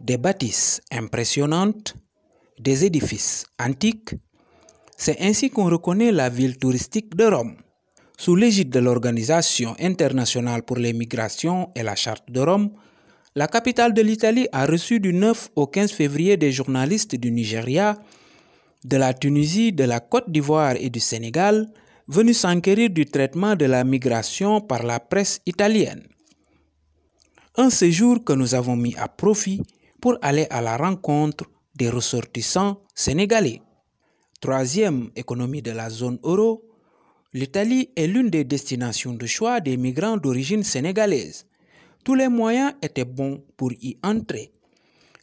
des bâtisses impressionnantes, des édifices antiques. C'est ainsi qu'on reconnaît la ville touristique de Rome. Sous l'égide de l'Organisation internationale pour les migrations et la Charte de Rome, la capitale de l'Italie a reçu du 9 au 15 février des journalistes du Nigeria, de la Tunisie, de la Côte d'Ivoire et du Sénégal, venus s'enquérir du traitement de la migration par la presse italienne. Un séjour que nous avons mis à profit pour aller à la rencontre des ressortissants sénégalais. Troisième économie de la zone euro, l'Italie est l'une des destinations de choix des migrants d'origine sénégalaise. Tous les moyens étaient bons pour y entrer.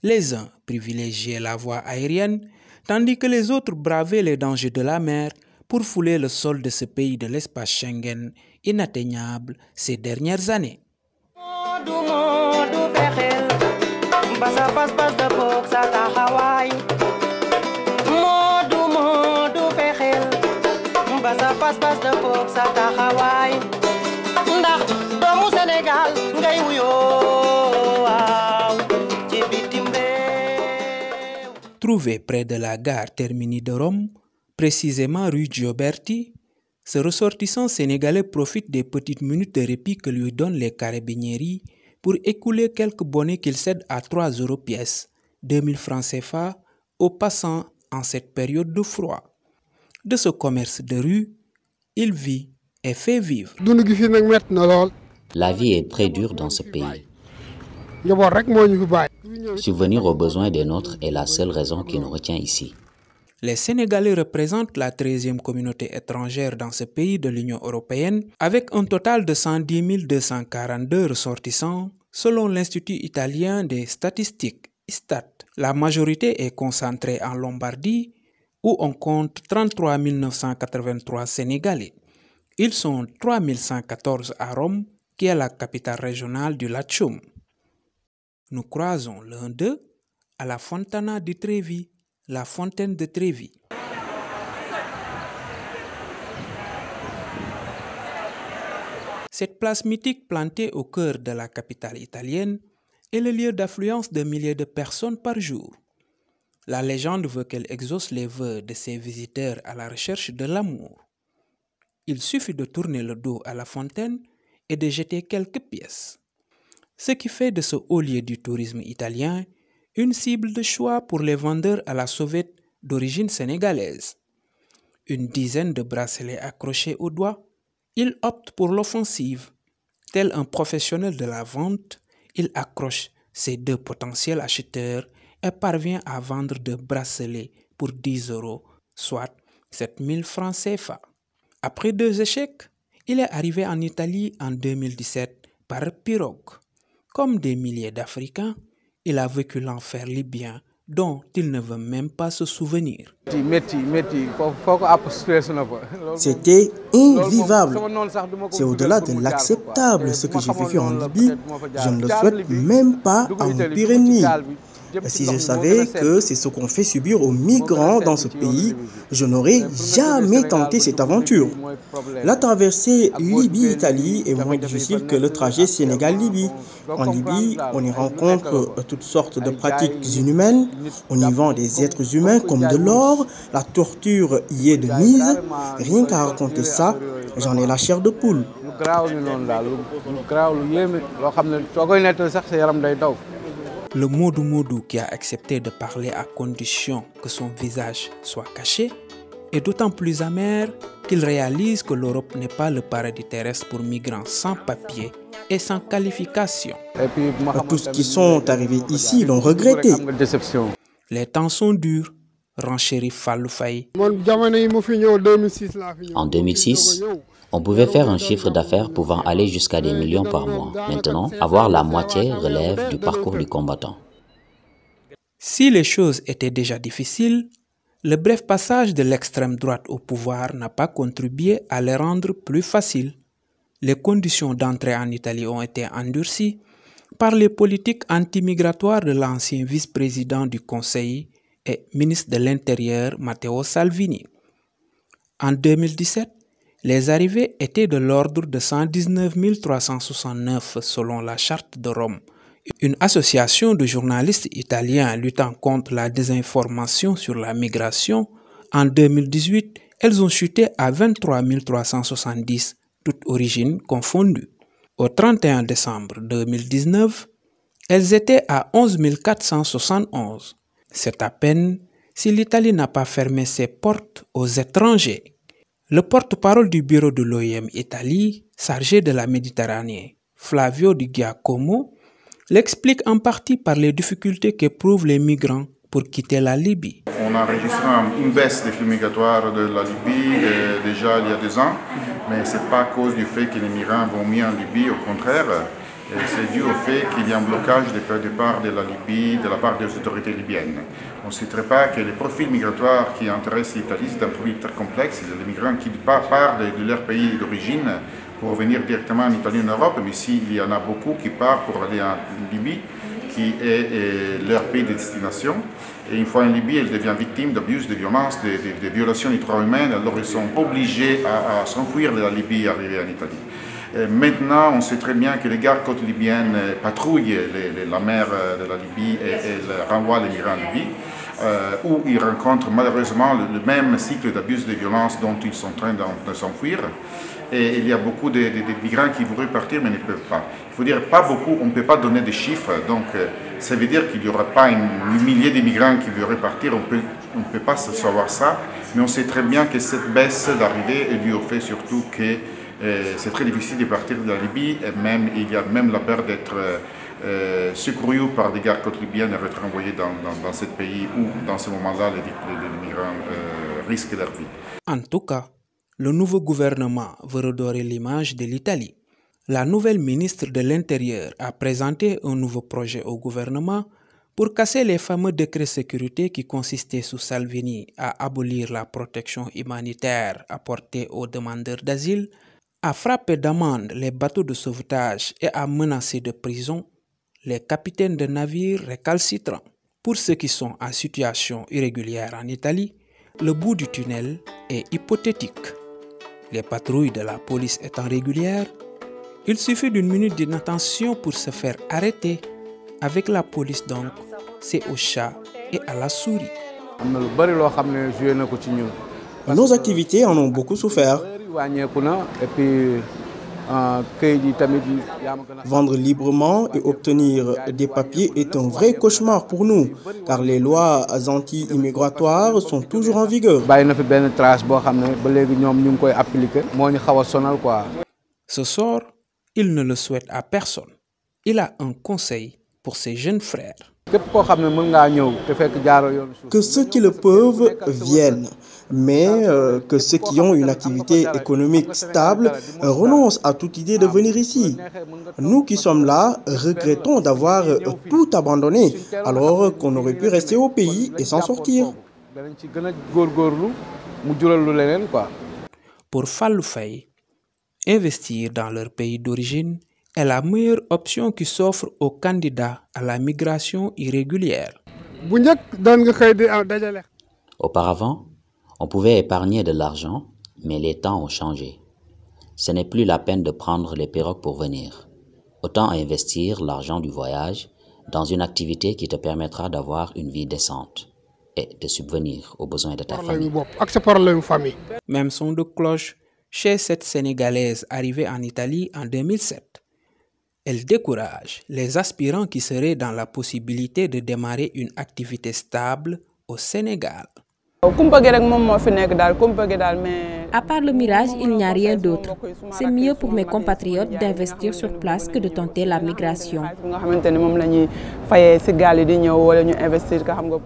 Les uns privilégiaient la voie aérienne, tandis que les autres bravaient les dangers de la mer pour fouler le sol de ce pays de l'espace Schengen inatteignable ces dernières années. Trouvé près de la gare terminée de Rome, précisément rue Gioberti, ce ressortissant sénégalais profite des petites minutes de répit que lui donnent les carabiniers pour écouler quelques bonnets qu'il cède à 3 euros pièce, 2000 francs CFA, aux passants en cette période de froid. De ce commerce de rue, il vit et fait vivre. La vie est très dure dans ce pays. Souvenir aux besoins des nôtres est la seule raison qui nous retient ici les Sénégalais représentent la 13e communauté étrangère dans ce pays de l'Union européenne, avec un total de 110 242 ressortissants, selon l'Institut italien des statistiques, ISTAT. La majorité est concentrée en Lombardie, où on compte 33 983 Sénégalais. Ils sont 3114 à Rome, qui est la capitale régionale du Latium. Nous croisons l'un d'eux à la Fontana di Trevi, la fontaine de Trévis. Cette place mythique plantée au cœur de la capitale italienne est le lieu d'affluence de milliers de personnes par jour. La légende veut qu'elle exauce les vœux de ses visiteurs à la recherche de l'amour. Il suffit de tourner le dos à la fontaine et de jeter quelques pièces. Ce qui fait de ce haut lieu du tourisme italien une cible de choix pour les vendeurs à la sauvette d'origine sénégalaise. Une dizaine de bracelets accrochés au doigt, il opte pour l'offensive. Tel un professionnel de la vente, il accroche ses deux potentiels acheteurs et parvient à vendre deux bracelets pour 10 euros, soit 7000 francs CFA. Après deux échecs, il est arrivé en Italie en 2017 par pirogue. Comme des milliers d'Africains, il a vécu l'enfer libyen dont il ne veut même pas se souvenir. C'était invivable. C'est au-delà de l'acceptable ce que j'ai vécu en Libye. Je ne le souhaite même pas en Pyrénées. Si je savais que c'est ce qu'on fait subir aux migrants dans ce pays, je n'aurais jamais tenté cette aventure. La traversée Libye-Italie est moins difficile que le trajet Sénégal-Libye. En Libye, on y rencontre euh, toutes sortes de pratiques inhumaines. On y vend des êtres humains comme de l'or. La torture y est de mise. Rien qu'à raconter ça, j'en ai la chair de poule. Le Modou Modou qui a accepté de parler à condition que son visage soit caché est d'autant plus amer qu'il réalise que l'Europe n'est pas le paradis terrestre pour migrants sans papier et sans qualification. Tous qui sont arrivés euh, ici l'ont regretté. Les temps sont durs, renchérit Fallou En 2006, on pouvait faire un chiffre d'affaires pouvant aller jusqu'à des millions par mois. Maintenant, avoir la moitié relève du parcours du combattant. Si les choses étaient déjà difficiles, le bref passage de l'extrême droite au pouvoir n'a pas contribué à les rendre plus faciles. Les conditions d'entrée en Italie ont été endurcies par les politiques antimigratoires de l'ancien vice-président du Conseil et ministre de l'Intérieur Matteo Salvini. En 2017, les arrivées étaient de l'ordre de 119 369 selon la Charte de Rome. Une association de journalistes italiens luttant contre la désinformation sur la migration, en 2018, elles ont chuté à 23 370, toutes origines confondues. Au 31 décembre 2019, elles étaient à 11 471. C'est à peine si l'Italie n'a pas fermé ses portes aux étrangers le porte-parole du bureau de l'OIM Italie, chargé de la Méditerranée, Flavio Di Giacomo, l'explique en partie par les difficultés qu'éprouvent les migrants pour quitter la Libye. On a enregistré une baisse des flux migratoires de la Libye euh, déjà il y a deux ans, mais ce n'est pas à cause du fait que les migrants vont mieux en Libye, au contraire, euh, c'est dû au fait qu'il y a un blocage depuis de départ de la Libye, de la part des autorités libyennes. On ne citerait pas que les profils migratoires qui intéressent l'Italie, c'est un profil très complexe, les migrants qui partent de leur pays d'origine pour venir directement en Italie en Europe, mais s'il y en a beaucoup qui partent pour aller en Libye, qui est euh, leur pays de destination. Et une fois en Libye, ils deviennent victimes d'abus, de violences, de, violations des droits humains. Alors ils sont obligés à, à s'enfuir de la Libye et arriver en Italie maintenant, on sait très bien que les gardes-côtes libyennes euh, patrouillent la mer euh, de la Libye et, renvoient les migrants en Libye. Euh, où ils rencontrent malheureusement le, même cycle d'abus et de violence dont ils sont en train de, s'enfuir. Et il y a beaucoup de, migrants qui voudraient partir mais ne peuvent pas. Il faut dire pas beaucoup, on ne peut pas donner des chiffres. Donc ça veut dire qu'il n'y aura pas un millier de migrants qui voudraient partir. On peut, ne on peut pas savoir ça. Mais on sait très bien que cette baisse d'arrivée est due au fait surtout que euh, c'est très difficile de partir de la Libye, et même, il y a même la peur d'être euh, euh, secouru par des gardes côtes libyennes et d'être envoyé dans, dans, ce pays où, dans ce moment-là, les, migrants risquent leur vie. En tout cas, le nouveau gouvernement veut redorer l'image de l'Italie. La nouvelle ministre de l'Intérieur a présenté un nouveau projet au gouvernement pour casser les fameux décrets sécurité qui consistaient sous Salvini à abolir la protection humanitaire apportée aux demandeurs d'asile à frapper d'amende les bateaux de sauvetage et à menacer de prison les capitaines de navires récalcitrants. Pour ceux qui sont en situation irrégulière en Italie, le bout du tunnel est hypothétique. Les patrouilles de la police étant régulières, il suffit d'une minute d'inattention pour se faire arrêter. Avec la police donc, c'est au chat et à la souris. Nos activités en ont beaucoup souffert euh, Vendre librement et obtenir des papiers est un vrai cauchemar pour nous, car les lois anti-immigratoires sont toujours en vigueur. Ce sort, il ne le souhaite à personne. Il a un conseil pour ses jeunes frères. Que ceux qui le peuvent viennent, mais euh, que ceux qui ont une activité économique stable renoncent à toute idée de venir ici. Nous qui sommes là regrettons d'avoir tout abandonné alors qu'on aurait pu rester au pays et s'en sortir. Pour Falloufei, investir dans leur pays d'origine est la meilleure option qui s'offre aux candidats à la migration irrégulière. Ah, Auparavant, on pouvait épargner de l'argent, mais les temps ont changé. Ce n'est plus la peine de prendre les perroques pour venir. Autant investir l'argent du voyage dans une activité qui te permettra d'avoir une vie décente et de subvenir aux besoins de ta famille. Même son de cloche chez cette Sénégalaise arrivée en Italie en 2007. Elle décourage les aspirants qui seraient dans la possibilité de démarrer une activité stable au Sénégal. À part le mirage, il n'y a rien d'autre. C'est mieux pour mes compatriotes d'investir sur place que de tenter la migration.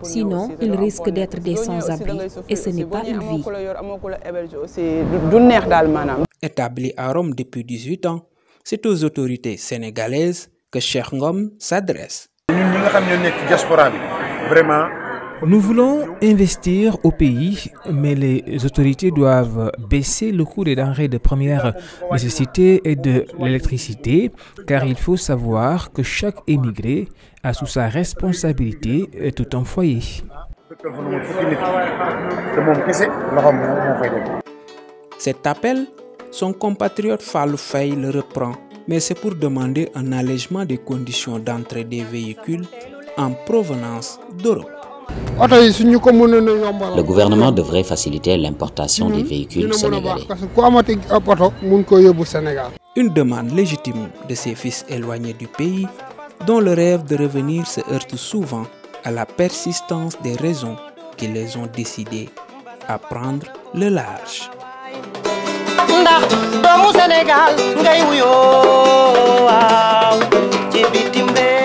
Sinon, ils risquent d'être des sans-abri et ce n'est pas une vie. Établi à Rome depuis 18 ans, c'est aux autorités sénégalaises que Cheikh Ngom s'adresse. Nous voulons investir au pays, mais les autorités doivent baisser le coût des denrées de première nécessité et de l'électricité, car il faut savoir que chaque émigré a sous sa responsabilité tout un foyer. Cet appel son compatriote Fallou Faye le reprend, mais c'est pour demander un allègement des conditions d'entrée des véhicules en provenance d'Europe. Le gouvernement devrait faciliter l'importation des véhicules sénégalais. Une demande légitime de ses fils éloignés du pays, dont le rêve de revenir se heurte souvent à la persistance des raisons qui les ont décidés à prendre le large. ndax doomu Sénégal ngay wuyoo waaw ci bitim réew